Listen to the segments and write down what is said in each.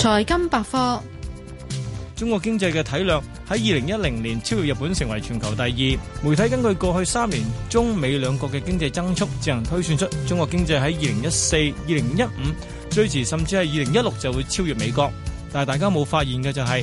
財金百科：中國經濟嘅體量喺二零一零年超越日本成為全球第二。媒體根據過去三年中美兩國嘅經濟增速，就能推算出中國經濟喺二零一四、二零一五，最遲甚至係二零一六就會超越美國。但係大家冇發現嘅就係，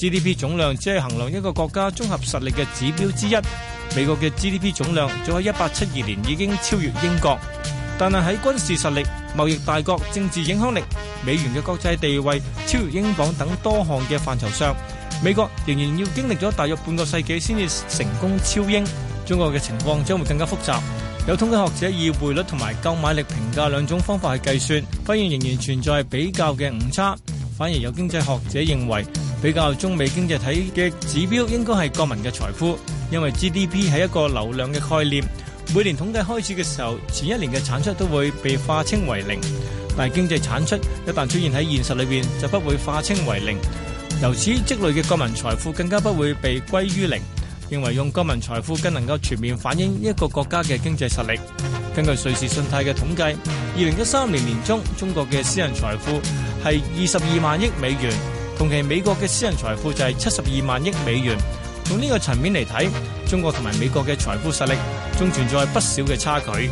GDP 總量只係衡量一個國家綜合實力嘅指標之一。美國嘅 GDP 總量早喺一八七二年已經超越英國，但係喺軍事實力、貿易大國、政治影響力、美元嘅國際地位超越英鎊等多項嘅範疇上，美國仍然要經歷咗大約半個世紀先至成功超英。中國嘅情況將會更加複雜。有統計學者以匯率同埋購買力平價兩種方法去計算，發現仍然存在比較嘅誤差。反而有經濟學者認為。比較中美經濟體嘅指標，應該係國民嘅財富，因為 GDP 係一個流量嘅概念。每年統計開始嘅時候，前一年嘅產出都會被化清為零，但係經濟產出一旦出現喺現實裏邊，就不會化清為零。由此積累嘅國民財富更加不會被歸於零。認為用國民財富更能夠全面反映一個國家嘅經濟實力。根據瑞士信貸嘅統計，二零一三年年中，中國嘅私人財富係二十二萬億美元。同期美國嘅私人財富就係七十二萬億美元，從呢個層面嚟睇，中國同埋美國嘅財富實力仲存在不少嘅差距。